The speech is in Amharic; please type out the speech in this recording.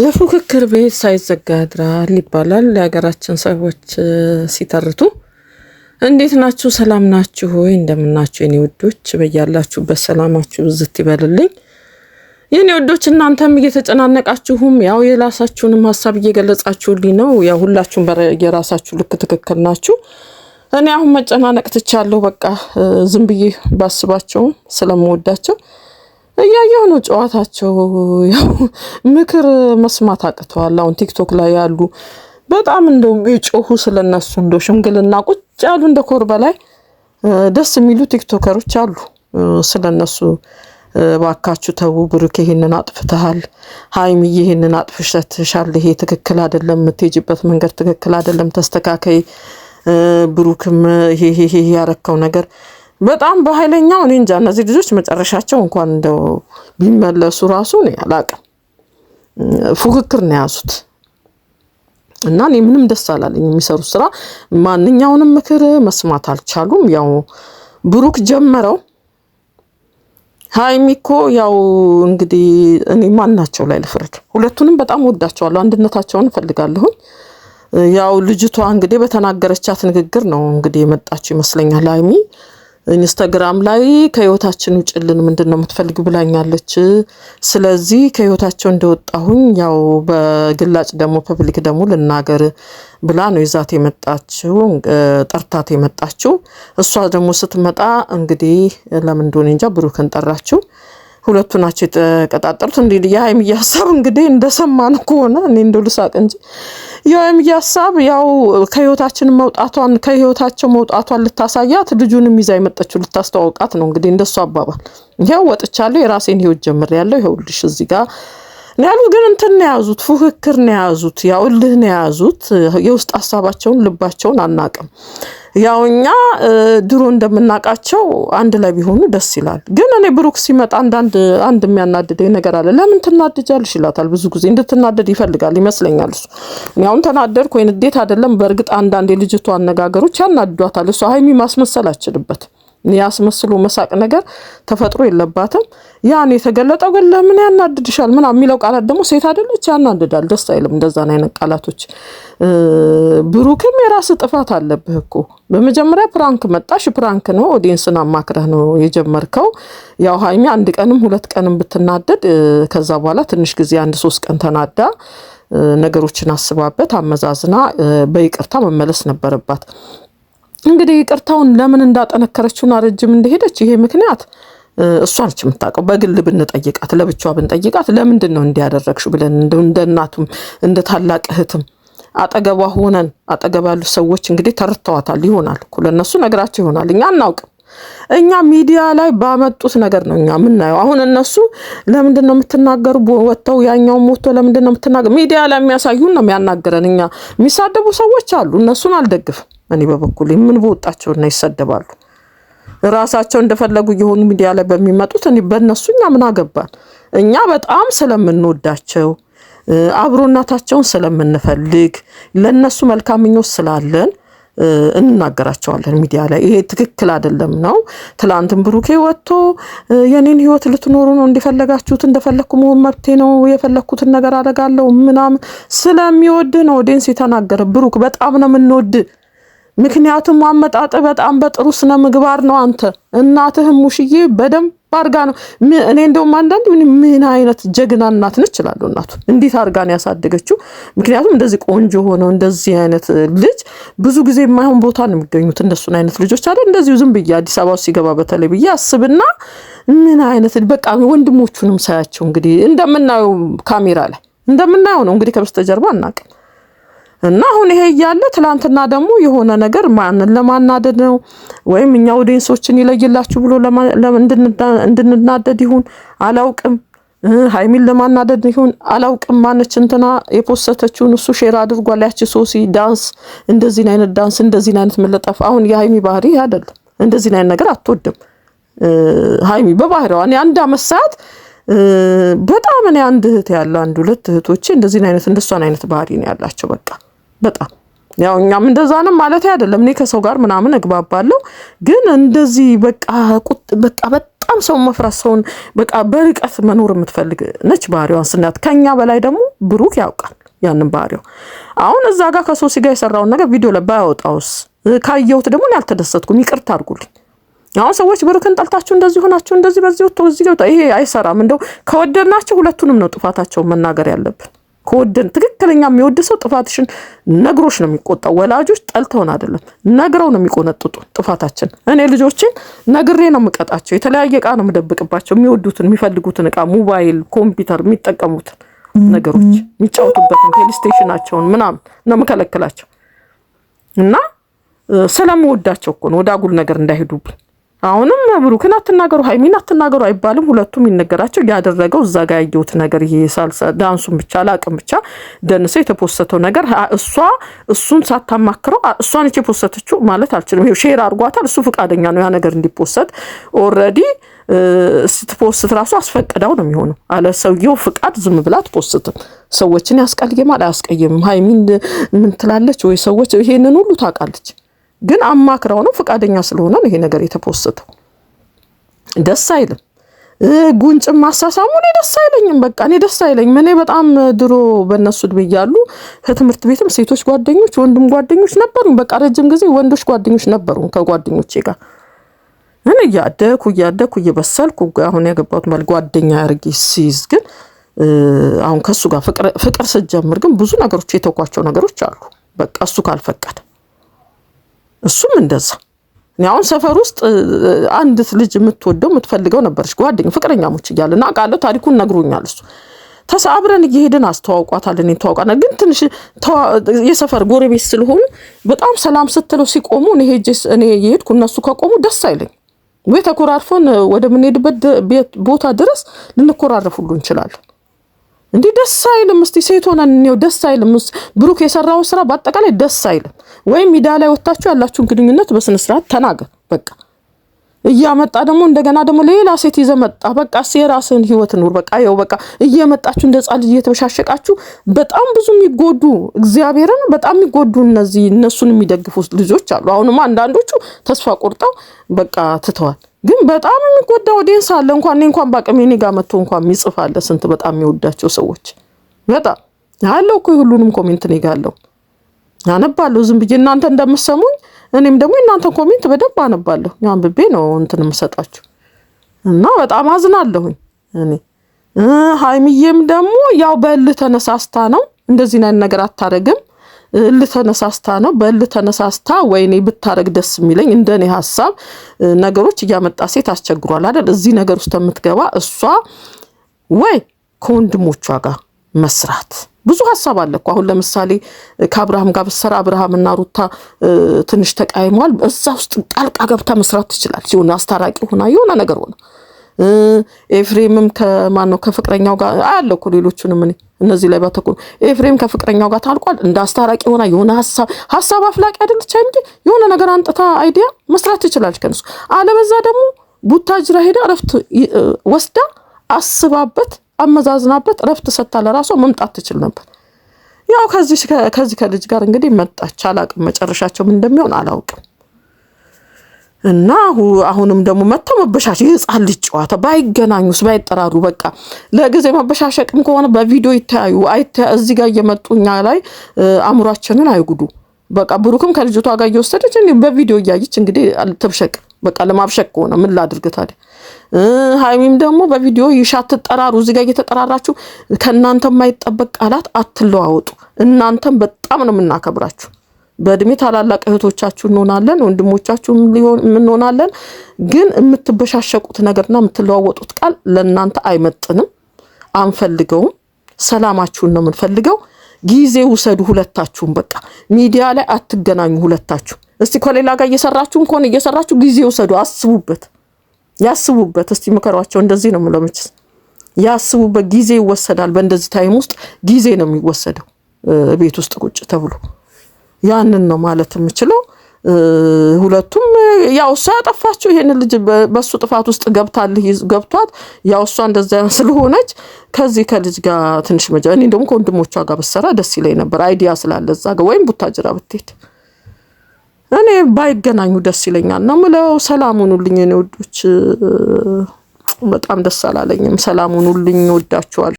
የፉክክር ቤት ሳይዘጋ ያድራል ይባላል የሀገራችን ሰዎች ሲተርቱ። እንዴት ናችሁ? ሰላም ናችሁ ወይ? እንደምናችሁ የኔ ውዶች፣ በያላችሁበት ሰላማችሁ ብዝት ይበልልኝ የኔ ውዶች። እናንተም እየተጨናነቃችሁም ያው የራሳችሁንም ሀሳብ እየገለጻችሁልኝ ነው። ያው ሁላችሁም የራሳችሁ ልክ ትክክል ናችሁ። እኔ አሁን መጨናነቅ ትቻለሁ። በቃ ዝም ብዬ ባስባቸውም ስለምወዳቸው እያየሁ ነው ጨዋታቸው። ያው ምክር መስማት አቅተዋል። አሁን ቲክቶክ ላይ ያሉ በጣም እንደው የጮሁ ስለነሱ እንደው ሽምግልና ቁጭ ያሉ እንደ ኮር በላይ ደስ የሚሉ ቲክቶከሮች አሉ። ስለነሱ ባካችሁ ተዉ፣ ብሩክ ይሄንን አጥፍተሃል፣ ሀይሚ ይሄንን አጥፍተሻል፣ ይሄ ትክክል አይደለም፣ የምትሄጅበት መንገድ ትክክል አይደለም፣ ተስተካከይ ብሩክም ይሄ ያረከው ነገር በጣም በኃይለኛው እኔ እንጃ እነዚህ ልጆች መጨረሻቸው እንኳን እንደው ቢመለሱ ራሱ እኔ አላቅም። ፉክክር ነው የያዙት እና እኔ ምንም ደስ አላለኝ። የሚሰሩት ስራ ማንኛውንም ምክር መስማት አልቻሉም። ያው ብሩክ ጀመረው ሀይሚ እኮ ያው እንግዲህ እኔ ማናቸው ላይ ልፍርድ? ሁለቱንም በጣም ወዳቸዋለሁ፣ አንድነታቸውን እፈልጋለሁኝ። ያው ልጅቷ እንግዲህ በተናገረቻት ንግግር ነው እንግዲህ የመጣችው ይመስለኛል ሀይሚ ኢንስታግራም ላይ ከህይወታችን ውጭልን ምንድን ነው የምትፈልግ ብላኛለች። ስለዚህ ከህይወታቸው እንደወጣሁኝ ያው በግላጭ ደግሞ ፐብሊክ ደግሞ ልናገር ብላ ነው ይዛት የመጣችው ጠርታት የመጣችው። እሷ ደግሞ ስትመጣ እንግዲህ ለምን እንደሆነ እንጃ ብሩክን ጠራችው። ሁለቱ ናቸው የተቀጣጠሩት። እንዲህ የሀይምዬ ሀሳብ እንግዲህ እንደሰማነው ከሆነ እኔ እንደው ልሳቅ እንጂ የሀይምዬ ሀሳብ ያው ከህይወታችን መውጣቷን ከህይወታቸው መውጣቷን ልታሳያት ልጁንም ይዛ የመጣችው ልታስተዋውቃት ነው። እንግዲህ እንደሱ አባባል ያው ወጥቻለሁ፣ የራሴን ህይወት ጀምሬያለሁ፣ ይኸውልሽ እዚህ ጋር ነው ግን እንትን ነው የያዙት፣ ፉክክር ነው የያዙት፣ ያው እልህ ነው የያዙት። የውስጥ ሀሳባቸውን ልባቸውን አናቅም። ያው እኛ ድሮ እንደምናውቃቸው አንድ ላይ ቢሆኑ ደስ ይላል። ግን እኔ ብሩክ ሲመጣ አንዳንድ አንድ የሚያናድደኝ ነገር አለ። ለምን ትናድጃለሽ ይላታል። ብዙ ጊዜ እንድትናደድ ይፈልጋል ይመስለኛል እሱ። አሁን ተናደድኩ ወይ ንዴት አይደለም። በእርግጥ አንዳንድ የልጅቱ አነጋገሮች ያናድዷታል። እሷ ሀይሚ ማስመሰል አችልበት ያስመስሎ መሳቅ ነገር ተፈጥሮ የለባትም። ያን የተገለጠው ግን ለምን ያናድድሻል ምናምን የሚለው ቃላት ደግሞ ሴት አይደለች ያናድዳል፣ ደስ አይልም። እንደዛን አይነት ቃላቶች ብሩክም የራስ ጥፋት አለብህ እኮ በመጀመሪያ ፕራንክ መጣሽ፣ ፕራንክ ነው፣ ኦዲየንስን አማክረህ ነው የጀመርከው። ያው ሀይሚ አንድ ቀንም ሁለት ቀንም ብትናደድ ከዛ በኋላ ትንሽ ጊዜ አንድ ሶስት ቀን ተናዳ ነገሮችን አስባበት አመዛዝና በይቅርታ መመለስ ነበረባት። እንግዲህ ይቅርታውን ለምን እንዳጠነከረችውና ረጅም እንደሄደች ይሄ ምክንያት እሷ ነች የምታውቀው። በግል ብንጠይቃት ለብቻዋ ብንጠይቃት ለምንድን ነው እንዲያደረግሽ ብለን እንደ እናቱም እንደ ታላቅ እህትም አጠገቧ ሆነን አጠገብ ያሉ ሰዎች እንግዲህ ተርተዋታል ይሆናል እኮ ለእነሱ ነገራቸው ይሆናል። እኛ አናውቅም። እኛ ሚዲያ ላይ ባመጡት ነገር ነው እኛ የምናየው። አሁን እነሱ ለምንድን ነው የምትናገሩ ወጥተው ያኛውን ሞቶ ለምንድን ነው የምትናገሩ? ሚዲያ ላይ የሚያሳዩን ነው የሚያናገረን። እኛ የሚሳደቡ ሰዎች አሉ፣ እነሱን አልደግፍም። እኔ በበኩል ምን በወጣቸውና ይሰደባሉ። ራሳቸው እንደፈለጉ የሆኑ ሚዲያ ላይ በሚመጡት እኔ በእነሱ እኛ ምን አገባን? እኛ በጣም ስለምንወዳቸው አብሮናታቸውን ስለምንፈልግ ለእነሱ መልካም ምኞት ስላለን እንናገራቸዋለን ሚዲያ ላይ። ይሄ ትክክል አይደለም ነው። ትላንትም ብሩኬ ወጥቶ የኔን ህይወት ልትኖሩ ነው እንደፈለጋችሁት፣ እንደፈለግኩ መሆን መብቴ ነው፣ የፈለግኩትን ነገር አደርጋለሁ ምናምን ስለሚወድ ነው ዴንስ የተናገረ ብሩክ በጣም ነው የምንወድ ምክንያቱም አመጣጥ በጣም በጥሩ ስነ ምግባር ነው። አንተ እናትህም ሙሽዬ በደንብ አድርጋ ነው። እኔ እንደውም አንዳንድ ምን አይነት ጀግና እናት ነች እላለሁ። እናቱ እንዴት አድርጋ ነው ያሳደገችው? ምክንያቱም እንደዚህ ቆንጆ ሆነው እንደዚህ አይነት ልጅ ብዙ ጊዜ የማይሆን ቦታ ነው የሚገኙት። እንደሱን አይነት ልጆች አለ እንደዚሁ ዝም ብዬ አዲስ አበባ ሲገባ በተለይ ብዬ አስብና ምን አይነት በቃ ወንድሞቹንም ሳያቸው እንግዲህ እንደምናየው ካሜራ ላይ እንደምናየው ነው እንግዲህ ከበስተጀርባ አናውቅም እና አሁን ይሄ እያለ ትላንትና ደግሞ የሆነ ነገር ማንን ለማናደድ ነው ወይም እኛ ኦዲየንሶችን ይለይላችሁ ብሎ እንድንናደድ ይሁን አላውቅም። ሀይሚን ለማናደድ ይሁን አላውቅም። ማነች እንትና የፖሰተችውን እሱ ሼር አድርጓል። ያቺ ሶሲ ዳንስ እንደዚህን አይነት ዳንስ እንደዚህን አይነት መለጠፍ። አሁን የሀይሚ ባህሪ አይደለም፣ እንደዚህን አይነት ነገር አትወድም ሀይሚ በባህሪዋ። እኔ አንድ አመት ሰዓት በጣም እኔ አንድ እህት ያለ አንድ ሁለት እህቶቼ እንደዚህን አይነት እንደሷን አይነት ባህሪ ነው ያላቸው በቃ በጣም ያው እኛም እንደዛ ነው ማለት አይደለም። እኔ ከሰው ጋር ምናምን እግባባለሁ፣ ግን እንደዚህ በቃ ቁጥ በቃ በጣም ሰው መፍራት ሰውን በቃ በርቀት መኖር የምትፈልግ ነች ባህሪዋን ስናያት። ከኛ በላይ ደግሞ ብሩክ ያውቃል ያንን ባህሪው። አሁን እዛ ጋር ከሶሲ ጋር የሰራውን ነገር ቪዲዮ ላይ ባያወጣውስ? ካየሁት ደግሞ ያልተደሰትኩም፣ ይቅርታ አድርጉልኝ። አሁን ሰዎች ብሩክን ጠልታችሁ እንደዚህ ሆናችሁ እንደዚህ በዚህ ወጥቶ እዚህ ገብታ ይሄ አይሰራም። እንደው ከወደድናቸው ሁለቱንም ነው ጥፋታቸውን መናገር ያለብን። ከወደን ትክክለኛ የሚወድ ሰው ጥፋትሽን ነግሮሽ ነው የሚቆጣው። ወላጆች ጠልተውን አይደለም ነግረው ነው የሚቆነጥጡ ጥፋታችን። እኔ ልጆችን ነግሬ ነው የምቀጣቸው። የተለያየ እቃ ነው የምደብቅባቸው፣ የሚወዱትን የሚፈልጉትን እቃ፣ ሞባይል፣ ኮምፒውተር፣ የሚጠቀሙትን ነገሮች፣ የሚጫወቱበትን ፕሌይስቴሽናቸውን ምናምን ነው የምከለክላቸው እና ስለምወዳቸው እኮ ነው ወደ አጉል ነገር እንዳይሄዱብን አሁንም ብሩክን አትናገሩ ሀይሚን አትናገሩ አይባልም። ሁለቱም ይነገራቸው። ያደረገው እዛ ጋ ያየሁት ነገር ይሄ ሳልሳ ዳንሱን ብቻ ላቅም ብቻ ደንሰው የተፖሰተው ነገር እሷ እሱን ሳታማክረው እሷን የፖሰተችው ማለት አልችልም። ይኸው ሼር አድርጓታል። እሱ ፈቃደኛ ነው ያ ነገር እንዲፖሰት ኦልሬዲ ስትፖስት ራሱ አስፈቅዳው ነው የሚሆነው። አለ ሰውየው ፍቃድ ዝም ብላ አትፖስትም። ሰዎችን ያስቀልየማል አያስቀይምም። ሀይሚን ምን ትላለች ወይ ሰዎች ይሄንን ሁሉ ታውቃለች። ግን አማክረው ነው ፈቃደኛ ስለሆነ ነው ይሄ ነገር የተፖስተው። ደስ አይልም። ጉንጭም ማሳሳሙ እኔ ደስ አይለኝም። በቃ እኔ ደስ አይለኝም። እኔ በጣም ድሮ በእነሱ እድሜ እያሉ ከትምህርት ቤትም ሴቶች ጓደኞች፣ ወንድም ጓደኞች ነበሩኝ። በቃ ረጅም ጊዜ ወንዶች ጓደኞች ነበሩኝ ከጓደኞቼ ጋር እኔ እያደኩ እያደኩ እየበሰልኩ አሁን ያገባሁት ማለት ጓደኛ አድርጌ ሲይዝ ግን አሁን ከእሱ ጋር ፍቅር ስጀምር ግን ብዙ ነገሮች የተውኳቸው ነገሮች አሉ። በቃ እሱ ካልፈቀደ እሱም እንደዛ። እኔ አሁን ሰፈር ውስጥ አንዲት ልጅ የምትወደው የምትፈልገው ነበረች፣ ጓደኛ ፍቅረኛሞች እያለ እና ቃለው ታሪኩን ነግሮኛል እሱ ተሳብረን እየሄድን አስተዋውቋታል። እኔ ተዋውቃና ግን ትንሽ የሰፈር ጎረቤት ስለሆኑ በጣም ሰላም ስትለው ሲቆሙ እኔ የሄድኩ እነሱ ከቆሙ ደስ አይለኝ ወይ ተኮራርፈን ወደምንሄድበት ቦታ ድረስ ልንኮራረፍ ሁሉ እንችላለን። እንዲህ ደስ አይልም። እስቲ ሴት ሆነን እኔው ደስ አይልም። ብሩክ የሰራው ስራ በአጠቃላይ ደስ አይልም። ወይም ሜዳ ላይ ወጣችሁ ያላችሁን ግንኙነት በስነ ስርዓት ተናገር። በቃ እያመጣ ደግሞ እንደገና ደግሞ ሌላ ሴት ይዘህ መጣ። በቃ የራስህን ህይወት ኑር። በቃ ያው በቃ እየመጣችሁ እንደ ጻል ልጅ እየተበሻሸቃችሁ በጣም ብዙ የሚጎዱ እግዚአብሔርን በጣም የሚጎዱ እነዚህ እነሱን የሚደግፉ ልጆች አሉ። አሁንማ አንዳንዶቹ ተስፋ ቆርጠው በቃ ትተዋል። ግን በጣም የሚጎዳ ኦዲየንስ አለ። እንኳን እኔ እንኳን በአቅሜ እኔ ጋር መጥቶ እንኳን የሚጽፍ አለ። ስንት በጣም የሚወዳቸው ሰዎች በጣም አለው እኮ የሁሉንም ኮሜንት እኔ ጋር አለው አነባለሁ። ዝም ብዬ እናንተ እንደምሰሙኝ እኔም ደግሞ የእናንተ ኮሜንት በደንብ አነባለሁ። ብቤ ነው እንትን የምሰጣችሁ እና በጣም አዝናለሁኝ እኔ ሀይሚዬም ደግሞ ያው በእልህ ተነሳስታ ነው እንደዚህ ነገር አታደርግም? እልህ ተነሳስታ ነው። በእልህ ተነሳስታ ወይኔ ብታረግ ደስ የሚለኝ እንደኔ ሀሳብ ነገሮች እያመጣ ሴት አስቸግሯል አይደል? እዚህ ነገር ውስጥ የምትገባ እሷ ወይ ከወንድሞቿ ጋር መስራት ብዙ ሀሳብ አለ እኮ አሁን ለምሳሌ ከአብርሃም ጋር ብትሰራ አብርሃምና ሩታ ትንሽ ተቃይመዋል። እዛ ውስጥ ጣልቃ ገብታ መስራት ትችላለች። ሲሆን አስታራቂ ሆና የሆነ ነገር ሆነ ኤፍሬምም ከማን ነው ከፍቅረኛው ጋር አያለ እኮ ሌሎቹንም እኔ እነዚህ ላይ ባተኩ ኤፍሬም ከፍቅረኛው ጋር ታልቋል። እንደ አስታራቂ ሆና የሆነ ሀሳብ ሀሳብ አፍላቂ አይደለች እንጂ የሆነ ነገር አንጥታ አይዲያ መስራት ትችላለች ከነሱ። አለበዛ ደግሞ ቡታጅራ ሄዳ እረፍት ወስዳ አስባበት አመዛዝናበት እረፍት ሰጥታ ለራሷ መምጣት ትችል ነበር። ያው ከዚህ ከልጅ ጋር እንግዲህ መጣች። አላውቅም መጨረሻቸው ምን እንደሚሆን አላውቅም። እና አሁንም ደግሞ መጥተው መበሻሸ የህፃን ልጅ ጨዋታ ባይገናኙስ ባይጠራሩ በቃ ለጊዜ መበሻሸቅም ከሆነ በቪዲዮ ይተያዩ አይተያ እዚህ ጋር እየመጡ እኛ ላይ አእምሯችንን አይጉዱ። በቃ ብሩክም ከልጅቷ ጋር እየወሰደች በቪዲዮ እያየች እንግዲህ ትብሸቅ። በቃ ለማብሸቅ ከሆነ ምን ላድርግ ታዲያ? ሀይሚም ደግሞ በቪዲዮ ይሻ ትጠራሩ። እዚህ ጋር እየተጠራራችሁ ከእናንተ የማይጠበቅ ቃላት አትለዋወጡ። እናንተም በጣም ነው የምናከብራችሁ። በእድሜ ታላላቅ እህቶቻችሁ እንሆናለን፣ ወንድሞቻችሁ እንሆናለን። ግን የምትበሻሸቁት ነገርና የምትለዋወጡት ቃል ለእናንተ አይመጥንም፣ አንፈልገውም። ሰላማችሁን ነው የምንፈልገው። ጊዜ ውሰዱ ሁለታችሁም። በቃ ሚዲያ ላይ አትገናኙ ሁለታችሁ። እስቲ ከሌላ ጋር እየሰራችሁ ከሆነ እየሰራችሁ ጊዜ ውሰዱ፣ አስቡበት፣ ያስቡበት። እስቲ ምከሯቸው። እንደዚህ ነው የምለው ያስቡበት። ጊዜ ይወሰዳል። በእንደዚህ ታይም ውስጥ ጊዜ ነው የሚወሰደው ቤት ውስጥ ቁጭ ተብሎ ያንን ነው ማለት የምችለው። ሁለቱም ያው እሷ ያጠፋችው ይሄን ልጅ በሱ ጥፋት ውስጥ ገብታልህ ገብቷት ያው እሷ እንደዛ ስለሆነች ከዚህ ከልጅ ጋር ትንሽ መጃ እኔ ደግሞ ከወንድሞቿ ጋር ብትሰራ ደስ ይለኝ ነበር። አይዲያ ስላለ እዛ ጋር ወይም ቡታጅራ ብትሄድ እኔ ባይገናኙ ደስ ይለኛል ነው ምለው። ሰላሙን ሁኑልኝ እኔ ወዶች፣ በጣም ደስ አላለኝም። ሰላሙን ሁኑልኝ፣ ወዳችኋል።